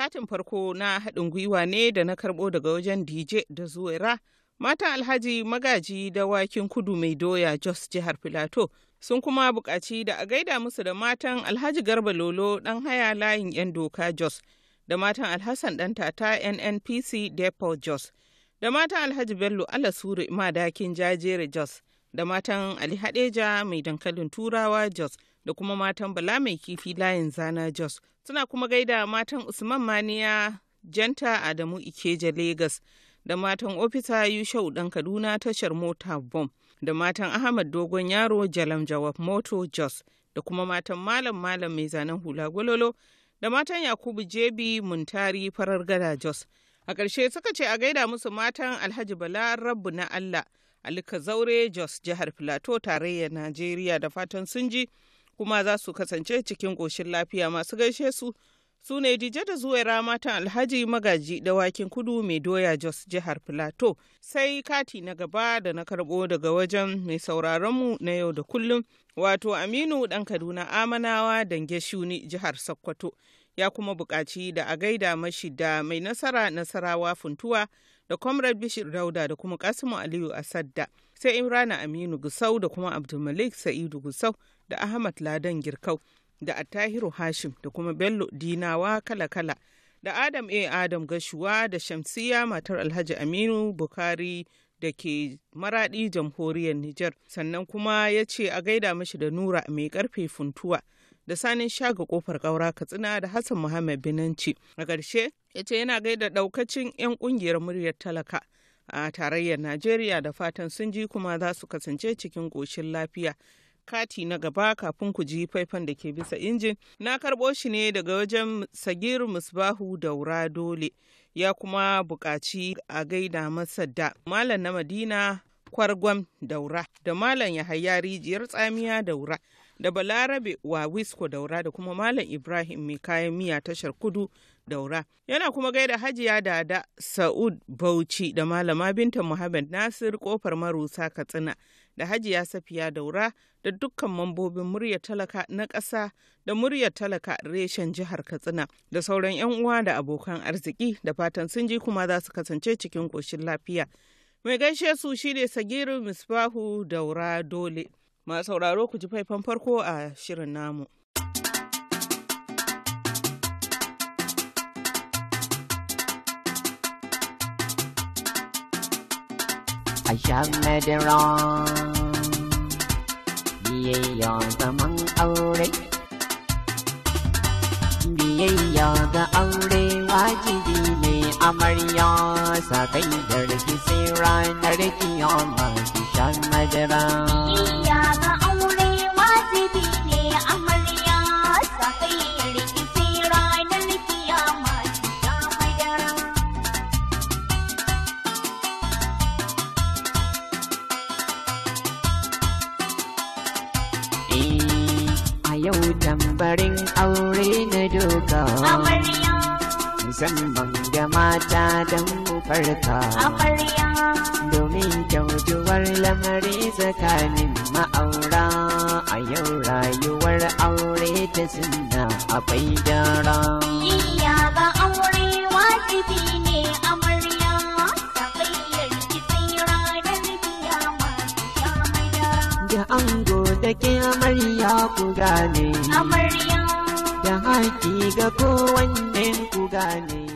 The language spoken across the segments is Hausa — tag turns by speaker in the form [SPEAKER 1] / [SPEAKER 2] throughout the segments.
[SPEAKER 1] katin farko na haɗin gwiwa ne da na karɓo daga wajen dj da zuwaira matan alhaji magaji da wakin kudu mai doya jos jihar filato sun kuma buƙaci da a gaida musu da matan alhaji garba lolo ɗan haya layin 'yan doka jos da matan alhassan ɗan tata nnpc depot jos da matan alhaji bello alasuri madakin jajere jos da matan ali hadeja mai dankalin turawa jos da kuma matan Bala mai kifi layin Zana Jos. Suna kuma gaida matan Usman Maniya Janta Adamu Ikeja Legas da matan Ofisa Yushau Dan Kaduna tashar mota bom da matan Ahmad Dogon Yaro Jalam Jawab Moto Jos da kuma matan Malam Malam mai zanen hula gwalolo da matan Yakubu Jebi Muntari Farar Gada Jos. A ƙarshe suka ce a gaida musu matan Alhaji Bala rabu na Allah. Alika Zaure Jos jihar Filato tarayyar Najeriya da fatan sun ji kuma za su kasance cikin ƙoshin lafiya masu gaishe su su ne dije da zuwaira matan alhaji magaji dawakin kudu mai doya jos jihar filato sai kati na gaba da na karbo daga wajen mai sauraronmu na yau da kullum wato aminu dan kaduna amanawa dange shuni jihar sokoto ya kuma buƙaci da a gaida mashi da mai nasara nasarawa funtuwa da comrade bishir dauda da kuma kasimu aliyu asadda sai imrana aminu gusau da kuma abdulmalik sa'idu gusau da ahmad ladan girkau da attahiru hashim da kuma bello dinawa kala-kala da adam a adam gashuwa da shamsiya matar alhaji aminu bukari da ke maradi jamhuriyar Nijar sannan kuma ya ce a gaida mashi da nura mai karfe funtuwa da sanin shaga kofar ƙaura katsina da hassan muhammad binanci a ƙarshe ya ce yana gaida ɗaukacin 'yan ƙungiyar muryar talaka a tarayyar Najeriya da fatan sun ji kuma za su kasance cikin ƙoshin lafiya. Kati na gaba kafin ku ji faifan da ke bisa injin na karɓo shi ne daga wajen Sagir Musbahu Daura Dole ya kuma buƙaci a gaida masa da Malam na Madina Kwargwam Daura da Malam Yahaya Rijiyar Tsamiya Daura da balarabe wa wisko daura da kuma malam ibrahim mai kayan miya tashar kudu daura yana kuma gaida hajiya dada sa'ud bauchi da malama binta muhammad nasir kofar marusa katsina da hajiya safiya daura da dukkan mambobin murya talaka na ƙasa da murya talaka reshen jihar katsina da sauran 'yan uwa da abokan arziki da fatan sun ji kuma za su kasance cikin ƙoshin lafiya mai gaishe su shine sagiru misbahu daura dole Ma sauraro ku ji faifan farko a shirin namu.
[SPEAKER 2] A shan madara biyayya zaman aure biyayya ga aure wajibi amarya sakai da rikisi ranar kiyama ki shan madara. Ya
[SPEAKER 3] ga aure wajibi ne amarya sakai da rikisi ranar kiyama ki shan madara.
[SPEAKER 2] Eh, a yau tambarin aure na doka. Amarya. Musamman Da mata don mu farka. Domin kyautuwar lamari tsakanin ma'aura a yau rayuwar aure ta suna akwai gyara.
[SPEAKER 3] Iya ba aure wajibi ne amarya.
[SPEAKER 2] Da ango da ke amarya ku
[SPEAKER 1] gane. Amarya. Da haƙi ga kowannen ku gane.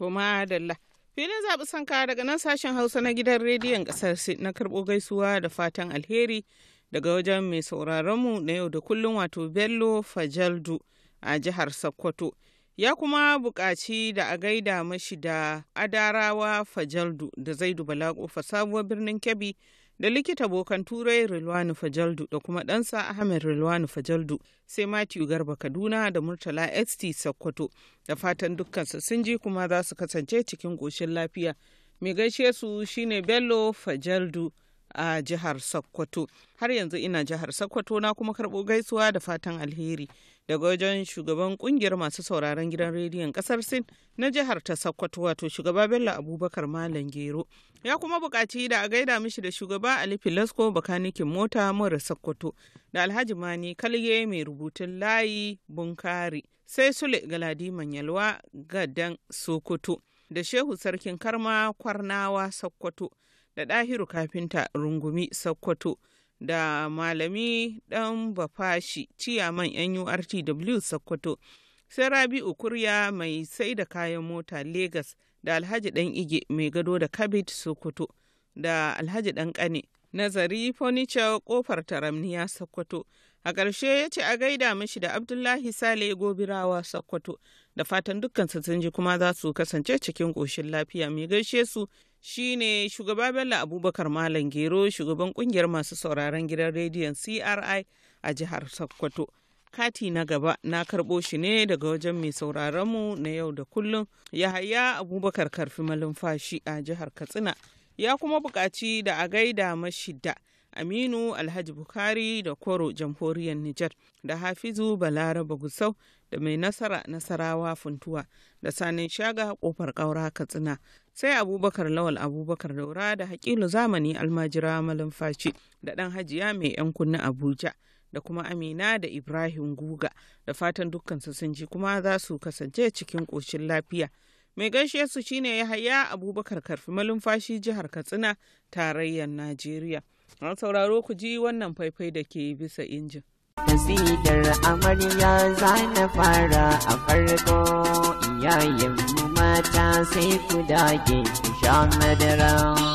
[SPEAKER 1] To madalla. Filin zaɓi sanka daga nan sashen Hausa na gidan rediyon ƙasar Sin na karɓo gaisuwa da fatan alheri daga wajen mai sauraronmu na yau da kullum wato Bello Fajaldu a jihar Sokoto. Ya kuma buƙaci da a gaida mashi da Adarawa Fajaldu da Zaidu Balaƙo sabuwar birnin Kebbi da likita bokan turai rilwani fajaldu da kuma ɗansa ahmed rilwani fajaldu sai matthew garba kaduna da murtala st sokoto da fatan dukkansu sun ji kuma za su kasance cikin koshin lafiya mai gaishe su shine bello fajaldu a jihar Sokoto. Har yanzu ina jihar Sokoto na kuma karɓo gaisuwa da fatan alheri daga wajen shugaban kungiyar masu sauraron gidan rediyon kasar Sin na jihar ta Sokoto wato shugaba Bello Abubakar Malam Gero. Ya kuma buƙaci da a gaida mishi da shugaba Ali Filasko bakanikin mota mura Sokoto da Alhaji Mani Kalge mai rubutun layi Bunkari sai Sule Galadiman Yalwa gadan Sokoto da Shehu Sarkin Karma Kwarnawa Sokoto. da ɗahiru kafinta rungumi sokoto da malami ɗan bafashi ciyaman nurtw sokoto sai rabi'u kurya mai sai da kayan mota Legas da alhaji ɗan ige mai gado da kabit sokoto da alhaji ɗan ƙane nazari furniture kofar taramniya sokoto a ƙarshe ya ce a gaida mashi da abdullahi sale gobirawa sokoto da fatan dukkan sun ji kuma za su kasance cikin ƙoshin lafiya mai gaishe su shine shugaba bello abubakar malam gero shugaban kungiyar masu sauraron gidan rediyon cri a jihar sokoto kati na gaba na karɓo shi ne daga wajen mai sauraronmu na yau da kullum yahaya abubakar karfi malumfashi a jihar katsina ya kuma buƙaci da a gaida mashida aminu alhaji bukari da koro jamhuriyar nijar da hafizu balaraba gusau da mai nasara nasarawa funtuwa da sanin shaga kofar ƙaura katsina sai abubakar lawal abubakar daura da hakilu zamani almajira malumfashi da ɗan hajiya mai yan kunna abuja da kuma amina da ibrahim guga da fatan dukkansu sun ji kuma za su kasance cikin ƙoshin lafiya mai gaishe su shine yahaya abubakar karfi malumfashi jihar katsina tarayyar najeriya An sauraro ku ji wannan faifai da ke bisa injin. Kasidar amarya za na fara a
[SPEAKER 2] farko iyayen mata sai ku dage ku sha madara.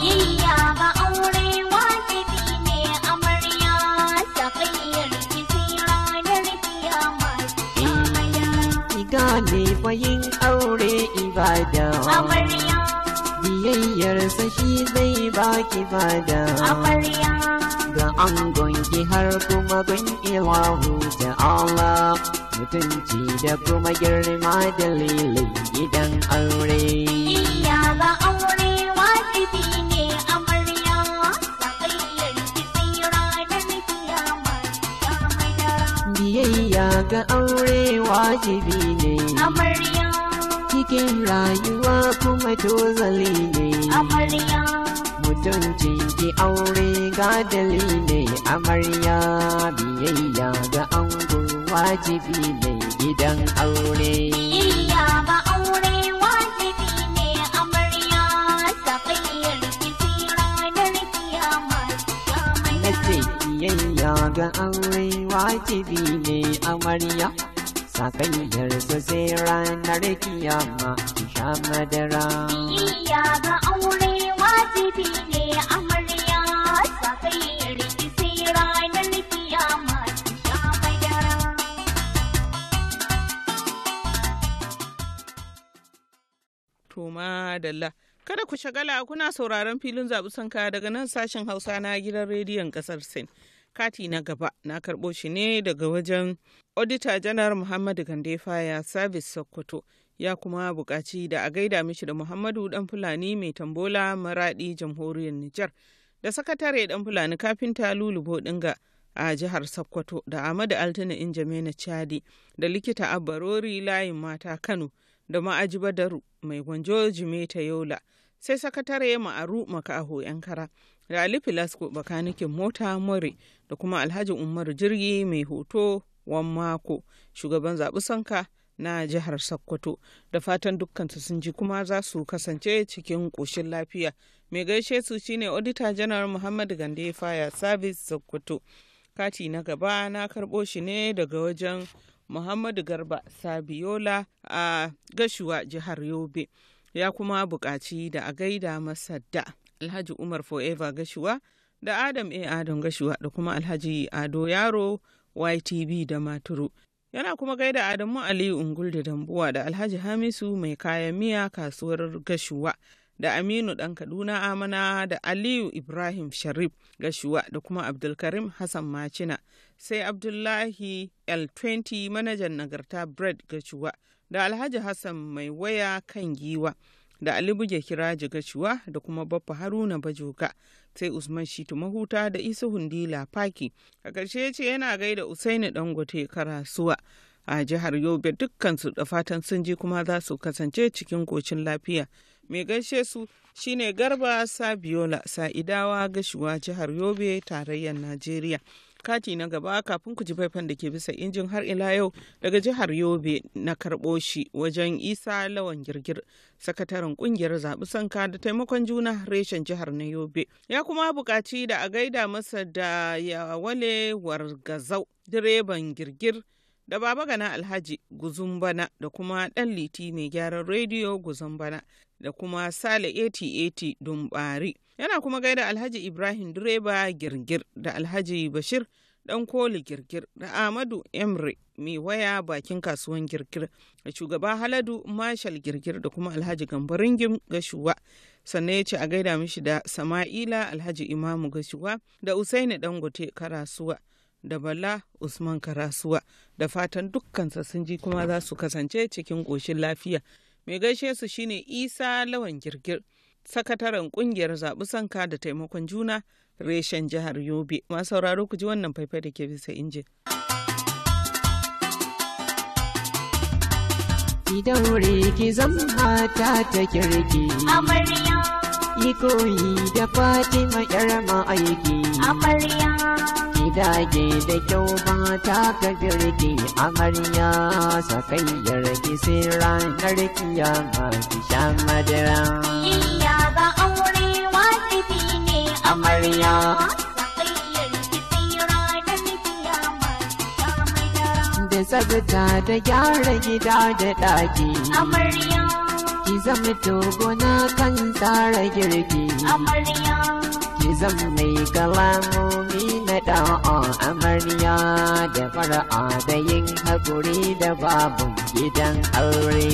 [SPEAKER 3] Yayya ba aure wajibi ne amarya sakayyar kifi ranar kiyama
[SPEAKER 2] ki gane bayin aure ibada. Amarya. Biyayyarsa shi zai baki bada amarya ga angon ki har kuma gun ilahu da Allah mutunci da kuma girma dalilin gidan aure iya
[SPEAKER 3] ga aure wajibi ne amarya tsakayyar ki tsira da kiyama
[SPEAKER 2] biyayya ga aure wajibi ne amarya cikin rayuwa kuma tozali ne
[SPEAKER 3] amarya
[SPEAKER 2] mutunci ki aure ga ne amarya biyayya ga ango wajibi ne gidan aure
[SPEAKER 3] biyayya ga aure wajibi ne amarya safiyar kifi ranar kiyama
[SPEAKER 2] nace biyayya ga aure wajibi ne amarya sakayyar su sai ranar kiyama ki sha madara biyayya
[SPEAKER 3] ga aure
[SPEAKER 1] Dalla. Kada ku shagala kuna sauraron filin zaɓi sanka daga nan sashen Hausa na gidan rediyon ƙasar Sin. Kati na gaba na karɓo shi ne daga wajen Auditor Janar Muhammadu Gandefa ya Service Sokoto. ya kuma buƙaci da a gaida mishi da muhammadu dan fulani mai tambola maraɗi jamhuriyar nijar da sakatare dan fulani kafinta lulubo bodinga a jihar sokoto da amadu altina injamena chadi da likita abbarori layin mata kano da ma'aji badaru mai gwanjo jimeta yola sai sakatare ma'aru makaho yankara da ali filasko bakanikin mota more da kuma alhaji umaru jirgi mai hoto wan mako shugaban zaɓi sanka na jihar Sokoto da fatan dukkansu sun ji kuma za su kasance cikin ƙoshin lafiya. Mai gaishe su shine Auditor General Muhammad Gande Fire Service Sokoto. Kati na gaba na karɓo shi ne daga wajen Muhammadu Garba Sabiola a Gashuwa jihar Yobe. Ya kuma buƙaci da a gaida masa da Alhaji Umar Forever Gashuwa da Adam A. Adam Gashuwa da kuma Alhaji Ado Yaro YTV da Maturu. yana kuma gaida adamu aliyu ungul da dambuwa da alhaji hamisu mai kayan miya kasuwar gashuwa da aminu dan kaduna amana da aliyu ibrahim sharif gashuwa da kuma abdulkarim hassan macina sai abdullahi l20 manajan nagarta bread gashuwa da alhaji hassan mai waya kan giwa da Ali Buge Kiraji Gashuwa da kuma Baffa Haruna Bajoka sai Usman Shitu Mahuta da Isa Hundila Faki. A ƙarshe ya ce yana gaida Usaini Dangote Karasuwa a jihar Yobe dukkansu da fatan sun ji kuma za su kasance cikin kocin lafiya. Mai gaishe su shine Garba Sabiola Sa'idawa Gashuwa jihar Yobe tarayyar Najeriya. kati na gaba kafin ku ji faifan da ke bisa injin har ila yau daga jihar Yobe na karɓo shi wajen Isa Lawan Girgir, sakataren kungiyar zaɓi sanka da taimakon juna reshen jihar na Yobe. Ya kuma buƙaci da a gaida masa da ya yawale wargazau direban girgir da baba gana alhaji guzumbana da kuma ɗan liti mai gyaran rediyo guzumbana da kuma sale 8080 dumbari Yana kuma gaida Alhaji Ibrahim Direba Girgir da Alhaji Bashir Dan Koli Girgir da Ahmadu Emre mai waya bakin kasuwan Girgir da shugaba Haladu marshal Girgir da kuma Alhaji Gambaringim Gashuwa. Sannan ya ce a gaida mishi da Sama'ila Alhaji Imamu Gashuwa da Usaini Dangote Karasuwa. da Bala Usman Karasuwa da fatan dukkan sun ji kuma za su kasance cikin ƙoshin lafiya. Mai gaishe su shine Isa Lawan Girgir sakataren kungiyar zaɓi sanka da taimakon juna reshen jihar yobe masu sauraro ku ji wannan faifai da ke bisa injin.
[SPEAKER 2] Idan ki zama ta ta kirki.
[SPEAKER 3] Amarya.
[SPEAKER 2] Ikoyi da Fatima ƴar ma'aiki. Amarya. Ki dage da kyau mata ka birki. Amarya sakayyar ki sai ranar kiyama ki sha madara.
[SPEAKER 3] amarya
[SPEAKER 2] da tsabta da gyara gida da ɗaki
[SPEAKER 3] amarya
[SPEAKER 2] ki zama togona kan tsara girki
[SPEAKER 3] amarya
[SPEAKER 2] ki zama mai kalamomi na da'a amarya da fara'a da yin haƙuri da babu gidan aure.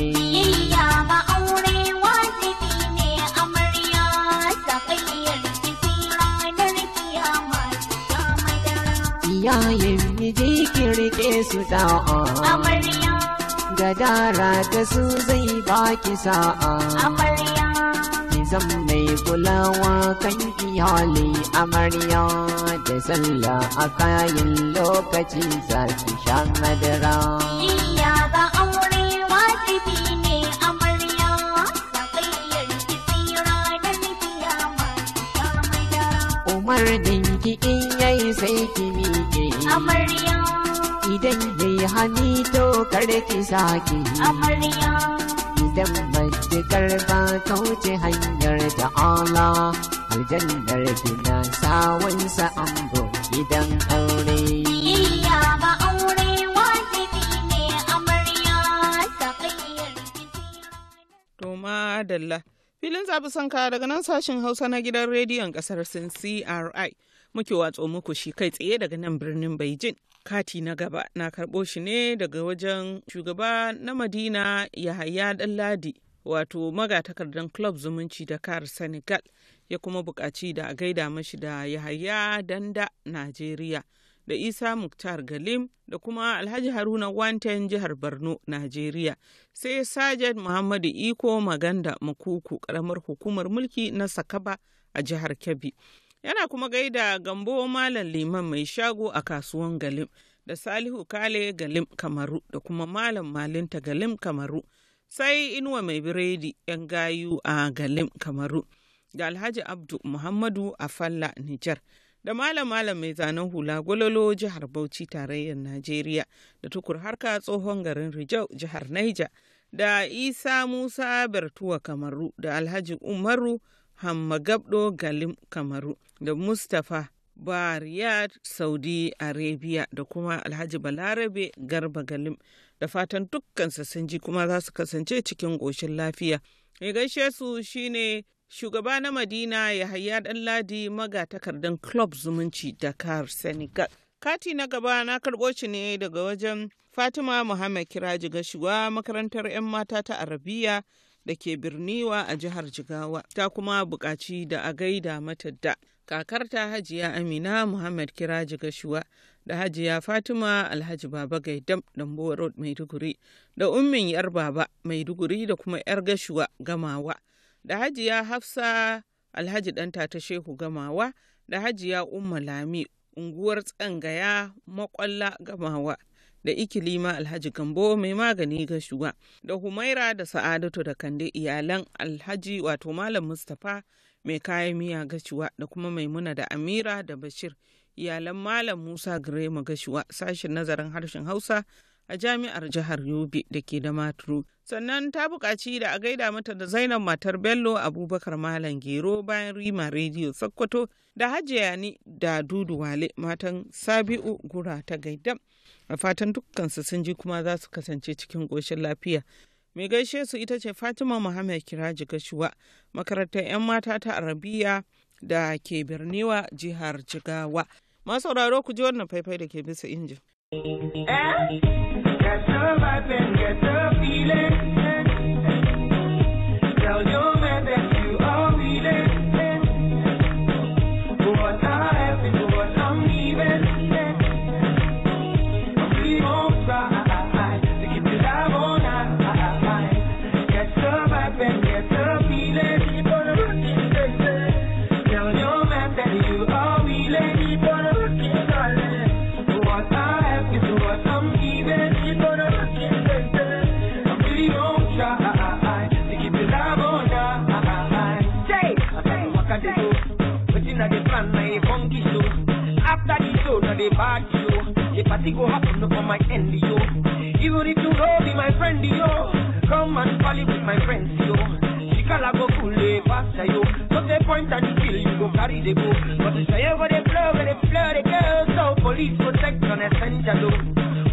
[SPEAKER 2] su da'a amarya gadara da su zai baki sa'a amarya a zam mai kulawa kan hali amarya da sallah a kayan lokaci za ki sha madara
[SPEAKER 3] iya ba aure wajibi ne amarya da kayyar ki tsira da kiyama
[SPEAKER 2] madara umar dinki in yayi sai ki ke. amarya idan yi hani to kare ki saki amarya idan mace ba kauce hanyar da Allah aljannar gina sawansa ambo gidan aure
[SPEAKER 3] biyayya ba aure wajibi ne amarya ta
[SPEAKER 1] to madalla filin zabi sanka daga nan sashin hausa na gidan rediyon kasar sin cri muke watso muku shi kai tsaye daga nan birnin Beijing. Kati na gaba na karɓo shi ne daga wajen shugaba na Madina Yahaya Dalladi wato magatakardan club zumunci da kar Senegal ya kuma bukaci da a gaida mashi da Yahaya Danda Najeriya da Isa Muktar Galim da kuma Alhaji Haruna Wanten jihar Borno, Najeriya sai Sajad Muhammadu Iko Maganda Makuku karamar hukumar mulki na Sakaba a jihar Kebbi yana kuma gaida gambo malam liman mai shago a kasuwan galim da salihu kale galim kamaru da kuma malam malinta galim kamaru sai inuwa mai biredi yan gayu a galim kamaru da alhaji abdu muhammadu a falla nijar da malam malam mai zanen hula gwalolo jihar bauchi tarayyar najeriya da tukur harka tsohon garin rijau jihar naija da isa musa bertuwa kamaru da alhaji umaru Hammagabdo Galim Kamaru da Mustapha Bariyar Saudi Arabia da kuma Alhaji Balarabe Garba Galim da fatan dukkansa sun ji kuma za su kasance cikin ƙoshin lafiya. Mai gaishe su shine shugaba na Madina Yahaya Ɗanladi magatakardan Club Zumunci Dakar Senegal. Kati na gaba na karɓo shi ne daga wajen Fatima Muhammad Kiraji Gashuwa makarantar 'yan mata ta Arabiya da ke birniwa a jihar jigawa ta kuma buƙaci da a gaida mata da kakarta hajiya amina muhammad kiraji gashuwa da hajiya fatima alhaji baba gaidam dambuwa road maiduguri da ummin yar baba maiduguri da kuma yar gashuwa gamawa da hajiya hafsa alhaji ɗanta ta shehu gamawa da hajiya umma lami unguwar tsangaya makwalla gamawa da ikilima alhaji gambo mai magani ga shuga da humaira da sa'adatu da kande iyalan alhaji wato malam mustapha mai kayan miya gashuwa da kuma maimuna da amira da bashir iyalan malam musa girema gashuwa sashen nazarin harshen hausa a jami'ar jihar Yobe da ke da Maturu. Sannan ta buƙaci da a gaida mata da Zainab matar Bello Abubakar Malam Gero bayan Rima Radio Sokoto da Hajiyani da Dudu Wale matan Sabi'u Gura ta gaida. A fatan dukkansu sun ji kuma za su kasance cikin ƙoshin lafiya. Mai gaishe su ita ce Fatima Muhammad Kiraji Gashuwa, makarantar 'yan mata ta Arabiya da ke Birniwa jihar Jigawa. Masu sauraro ku ji wannan faifai da ke bisa injin. Eh? Get the vibe and get the feeling. Tell your
[SPEAKER 2] nothing will happen, no for my end, yo. Even if you know be my friend, yo. Come and party with my friends, yo. Shikala go cool, faster, yo. So they point and kill, you go carry the book. But it's over the flow, where the flow, the girl. So police protection essential, yo.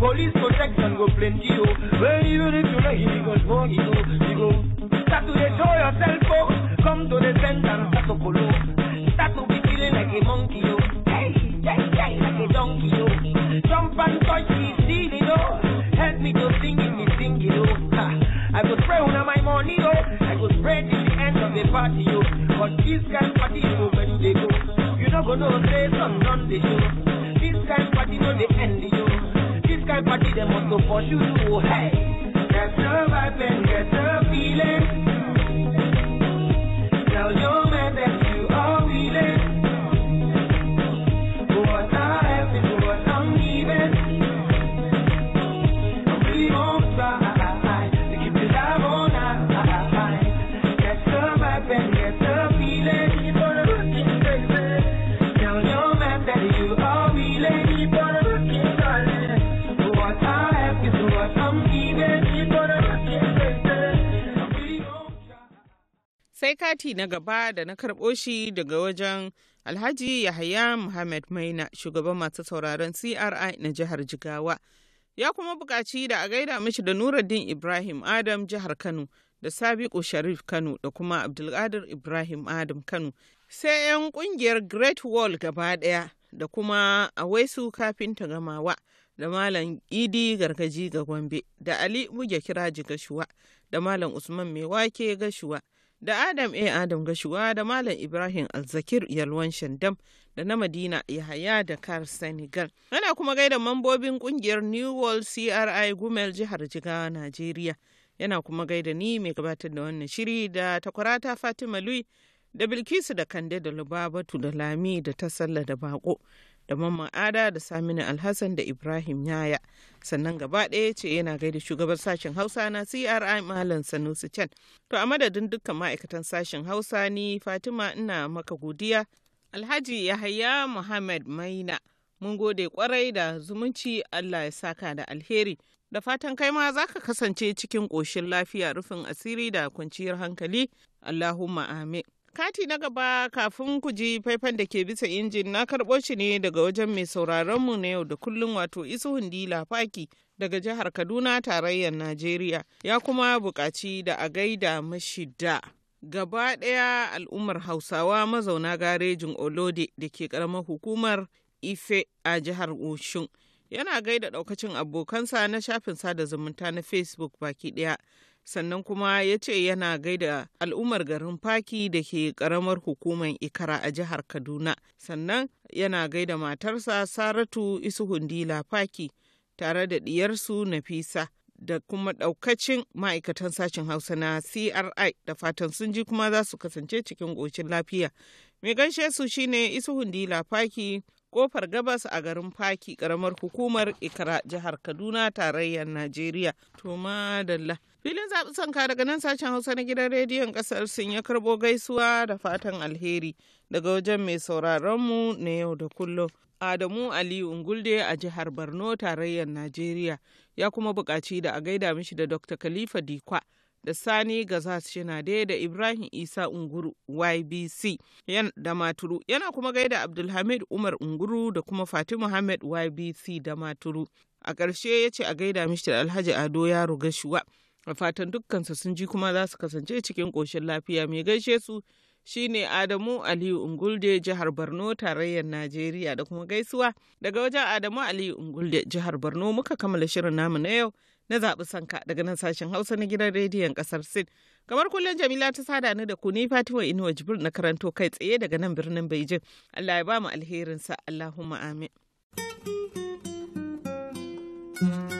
[SPEAKER 2] Police protection go plenty, yo. Well, even if you know, you go smoke, yo. You go start to show yourself, yo. Come to the center and start to follow. Start to be feeling like a monkey, yo. me sing it, oh. I go spray on my money, oh. I go spray till the end of the party, yo. But this kind of party, yo, when they go, you not gonna say some on the show.
[SPEAKER 4] This kind of party, no, they end yo. This kind of party, they must go for you, oh. Hey, get the vibe and get the feeling. Tell your man that.
[SPEAKER 1] sai kati na gaba da na karɓo shi daga wajen alhaji yahaya muhammad maina shugaban masu sauraron cri na jihar jigawa ya kuma buƙaci da a gaida mishi da nuruddin ibrahim adam jihar kano da sabiku sharif kano da kuma abdulkadir ibrahim adam kano sai 'yan ƙungiyar great wall gaba ɗaya da kuma awaisu kafinta gamawa da malam idi gargaji ga gombe da ali muge kira ji gashuwa da malam usman mai wake gashuwa da Adam A. Adam Gashuwa da Malam Ibrahim Alzakir Yalwan Shandam da na Madina Yahaya da Kar Senegal. Ana kuma gaida mambobin kungiyar New World CRI Gumel jihar Jigawa, Najeriya. Yana kuma gaida ni mai gabatar da wannan shiri da takwarata Fatima Lui da Bilkisu da Kande da Lubabatu da Lami da ta Tasalla da Bako. da mamman ada da saminu alhassan da ibrahim yaya sannan gaba ɗaya ce yana gaida shugabar sashen hausa na cri malam sanusi can to a madadin dukkan ma'aikatan sashen hausa ni fatima ina maka godiya alhaji yahaya muhammad maina mun gode kwarai da zumunci allah ya saka da alheri da fatan kai ma za ka kasance cikin ƙoshin lafiya rufin asiri da kwanciyar hankali allahumma amin Kati na gaba kafin ku ji faifan da ke bisa injin na karɓo shi ne daga wajen mai sauraronmu na yau da kullun wato isu hundi lafaki daga jihar Kaduna tarayyar Najeriya ya kuma bukaci da a gaida mashida. Gaba ɗaya al'ummar Hausawa mazauna garejin Olode da ke ƙaramar hukumar Ife a jihar Oshun. Yana gaida ɗaukacin abokansa na shafin sada zumunta na Facebook baki ɗaya sannan kuma ya ce yana gaida al'ummar garin faki da ke karamar hukumar ikara a jihar kaduna sannan yana gaida matarsa saratu isuhundila faki tare da diyarsu nafisa da kuma daukacin ma'aikatan sashen hausa na cri da fatan sun ji kuma za su kasance cikin ƙoshin lafiya mai ganshe su shine isuhundila faki kofar gabas a garin faki karamar hukumar ikara jihar kaduna tarayyar najeriya to madalla Filin zaɓi sanka daga nan sashen Hausa na gidan rediyon ƙasar sun ya karɓo gaisuwa da fatan alheri daga wajen mai sauraronmu na yau da kullum. Adamu Ali Ungulde a jihar Borno tarayyar Najeriya ya kuma buƙaci da a gaida mishi da Dr. Khalifa Dikwa da Sani Gazas Shinade da Ibrahim Isa Unguru YBC da Maturu yana kuma gaida Abdulhamid Umar Unguru da kuma Fatima Muhammad YBC da Maturu. A ƙarshe ya ce a gaida mishi da Alhaji Ado Yaro Gashuwa. a fatan dukkansu sun ji kuma za su kasance cikin ƙoshin lafiya mai gaishe su shine Adamu Aliyu Ungulde jihar Borno tarayyar Najeriya da kuma gaisuwa daga wajen Adamu Aliyu Ungulde jihar Borno muka kammala shirin namu na yau na zaɓi sanka daga nan sashen Hausa na gidan rediyon ƙasar Sin. Kamar kullum Jamila ta sada ni da ku ni Fatima Inuwa Jibril na karanto kai tsaye daga nan birnin Beijing. Allah ya ba mu alherinsa Allahumma amin. thank you